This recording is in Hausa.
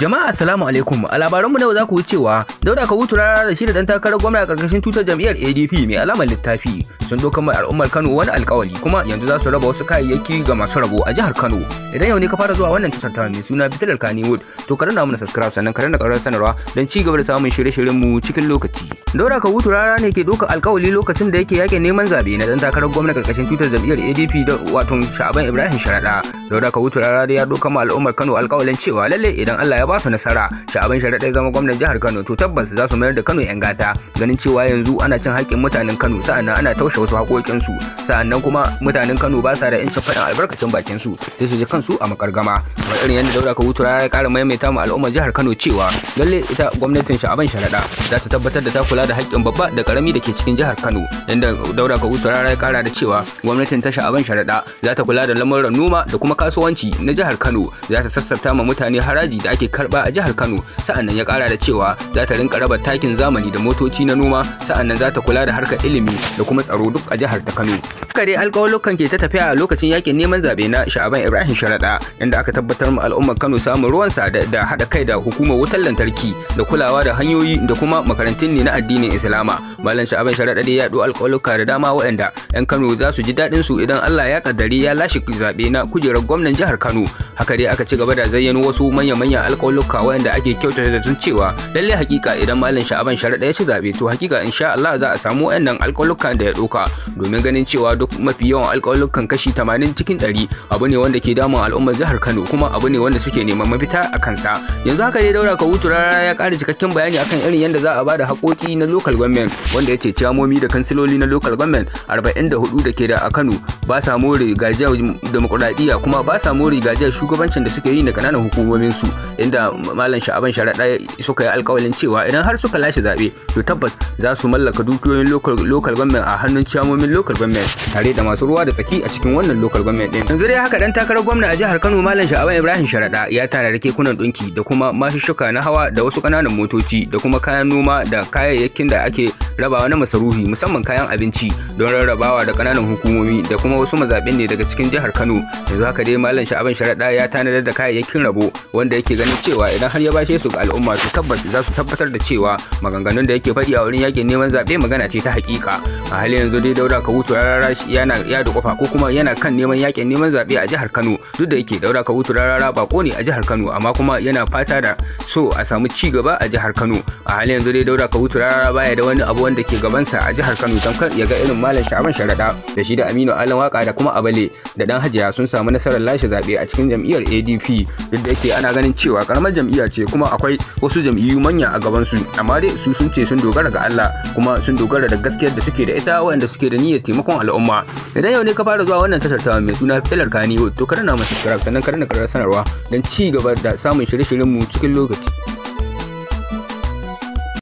Jama'a assalamu alaikum a labaranmu na za ku cewa Dauda Kawutu rara da shi da dan takarar gwamna a ƙarƙashin tutar jam'iyyar ADP mai alamar littafi sun doka mai al'ummar Kano wani alkawari kuma yanzu za su raba wasu kayayyaki ga masu rabo a jihar Kano. Idan yau ne ka fara zuwa wannan tashar ta mai suna Fitilar Wood to ka danna mana subscribe sannan ka danna ƙarar sanarwa don ci gaba da samun shirye-shiryen mu cikin lokaci. Daura Kawutu rara ne ke doka alkawari lokacin da yake yake neman zabe na dan takarar gwamnati karkashin tutar jam'iyyar ADP da wato Sha'aban Ibrahim Sharaɗa. ka Kawutu rara ya doka ma al'ummar Kano alkawarin cewa lalle idan Allah ya ba su nasara Sha'ban Sharada ya zama gwamnatin jihar Kano to tabbas za su mayar da Kano 'yan gata ganin cewa yanzu ana cin haƙƙin mutanen Kano sa'annan ana taushe musu wasu haƙoƙinsu sa'annan kuma mutanen kano ba sa da 'yancin faɗin albarkacin bakinsu sai su je kansu a makargama kamar irin yadda daura kawu turara ya ƙara maimaita mu al'ummar jihar kano cewa lalle ita gwamnatin sha'aban sharaɗa za ta tabbatar da ta kula da haƙƙin babba da ƙarami da ke cikin jihar kano inda daura kawu turara ya kara da cewa gwamnatin ta sha'aban sharaɗa za ta kula da lamuran noma da kuma kasuwanci na jihar kano za ta sassarta ma mutane haraji da ake karba a jihar kano sa'annan ya kara da cewa za ta rinka raba takin zamani da motoci na noma sa'annan za ta kula da harkar ilimi da kuma tsaro duk a jihar ta kano haka dai ke ta tafiya a lokacin yakin neman zaɓe na sha'aban ibrahim sharaɗa inda aka tabbatar ma al'ummar kano samun ruwan sa da haɗa kai da hukumar wutar lantarki da kulawa da hanyoyi da kuma makarantun ne na addinin islama malam sha'aban sharaɗa dai ya ɗo alƙawuluka da dama waɗanda 'yan kano za su ji daɗin su idan allah ya kaddari ya lashe zaɓe na kujerar gwamnan jihar kano haka dai aka ci gaba da zayyano wasu manya-manyan alƙawuluka waɗanda ake kyautata da sun cewa lallai hakika idan malam sha'aban sharaɗa ya ci zaɓe to hakika insha allah za a samu waɗannan alƙawulukan da ya ɗauka domin ganin cewa duk mafi yawan alƙawalukan kashi 80 cikin 100 abu ne wanda ke damun al'ummar jihar Kano kuma abu ne wanda suke neman mafita a kansa yanzu haka dai daura ka hutu ya ƙara cikakken bayani akan irin yadda za a ba da haƙoƙi na local government wanda ya ce ciyamomi da kansiloli na local government 44 da ke da a Kano ba sa more gajiya demokuraɗiyya kuma ba sa more gajiya shugabancin da suke yi na kananan hukumomin su inda malam sha'aban sharaɗa suka yi alƙawarin cewa idan har suka lashe zaɓe to tabbas za su mallaka dukiyoyin local government a hannun ciyamomin local government tare da masu ruwa da tsaki a cikin wannan lokal gwamnati din yanzu dai haka dan takarar gwamna a jihar Kano Malam Sha'aban Ibrahim Sharada ya tanada kekunan dinki da kuma mashushuka na hawa da wasu kananan motoci da kuma kayan noma da kayayyakin da ake rabawa na masarufi musamman kayan abinci don rarrabawa da kananan hukumomi da kuma wasu mazaɓin ne daga cikin jihar Kano yanzu haka dai Malam Sha'aban Sharada ya tanadar da kayayyakin rabo wanda yake ganin cewa idan har ya bashe su ga al'umma su tabbas za su tabbatar da cewa maganganun da yake faɗi a wurin yake neman zaɓe magana ce ta hakika a halin yanzu dai daura ka ya rarashi yana ya da kofa ko kuma yana kan neman yakin neman zaɓe a jihar Kano duk da yake daura Kawutu rarara bako ne a jihar Kano amma kuma yana fata da so a samu ci gaba a jihar Kano a halin yanzu dai daura Kawutu rarara baya da wani abu wanda ke gabansa a jihar Kano don kar ya ga irin malam Sha'aban Sharaɗa da shi da Aminu allan Waka da kuma Abale da dan Hajiya sun samu nasarar lashe zaɓe a cikin jam'iyyar ADP duk da yake ana ganin cewa karamar jam'iyya ce kuma akwai wasu jam'iyyu manya a gabansu amma dai su sun ce sun dogara ga Allah kuma sun dogara da gaskiyar da suke da ita wanda suke da niyyar taimakon al'umma kuma idan yau ne ka fara zuwa wannan tashar ta mai suna filar kani to karana mu subscribe sannan na karar sanarwa don ci gaba da samun shirye-shiryen mu cikin lokaci